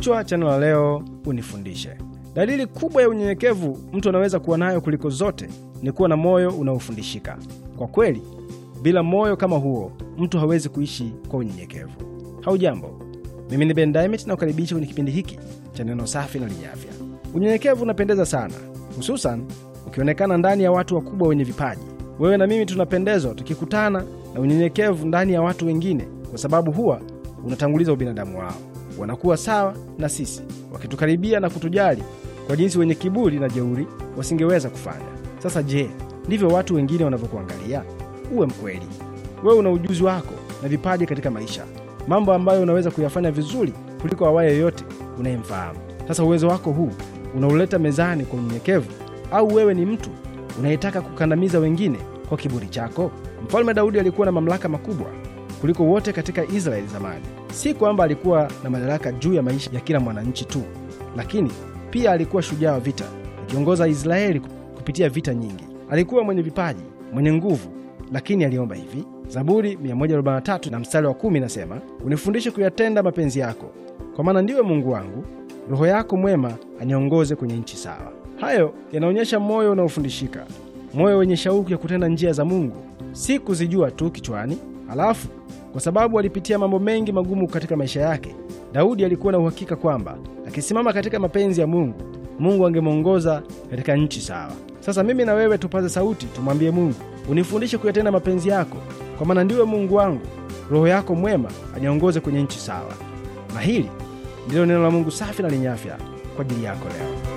Kichwa cha neno la leo, unifundishe. Dalili kubwa ya unyenyekevu mtu anaweza kuwa nayo kuliko zote ni kuwa na moyo unaofundishika. Kwa kweli, bila moyo kama huo mtu hawezi kuishi kwa unyenyekevu. Haujambo, mimi ni Ben Dynamite na kukaribisha kwenye kipindi hiki cha neno safi na lenye afya. Unyenyekevu unapendeza sana, hususan ukionekana ndani ya watu wakubwa wenye vipaji. Wewe na mimi tunapendezwa tukikutana na unyenyekevu ndani ya watu wengine, kwa sababu huwa unatanguliza ubinadamu wao wanakuwa sawa na sisi, wakitukaribia na kutujali kwa jinsi wenye kiburi na jeuri wasingeweza kufanya. Sasa je, ndivyo watu wengine wanavyokuangalia? Uwe mkweli. Wewe una ujuzi wako na vipaji katika maisha, mambo ambayo unaweza kuyafanya vizuri kuliko awaye yoyote unayemfahamu. Sasa uwezo wako huu unauleta mezani kwa unyenyekevu, au wewe ni mtu unayetaka kukandamiza wengine kwa kiburi chako? Mfalme Daudi alikuwa na mamlaka makubwa kuliko wote katika Israeli zamani. Si kwamba alikuwa na madaraka juu ya maisha ya kila mwananchi tu, lakini pia alikuwa shujaa wa vita, akiongoza Israeli kupitia vita nyingi. Alikuwa mwenye vipaji, mwenye nguvu, lakini aliomba hivi. Zaburi 143 na mstari wa kumi inasema unifundishe kuyatenda mapenzi yako, kwa maana ndiwe Mungu wangu, roho yako mwema aniongoze kwenye nchi sawa. Hayo yanaonyesha moyo unaofundishika, moyo wenye shauku ya kutenda njia za Mungu, si kuzijua tu kichwani. Halafu kwa sababu alipitia mambo mengi magumu katika maisha yake, Daudi alikuwa na uhakika kwamba akisimama katika mapenzi ya Mungu, Mungu angemwongoza katika nchi sawa. Sasa mimi na wewe tupaze sauti, tumwambie Mungu, unifundishe kuyatenda mapenzi yako, kwa maana ndiwe Mungu wangu. Roho yako mwema aniongoze kwenye nchi sawa. Na hili ndilo neno la Mungu safi na lenye afya kwa ajili yako leo.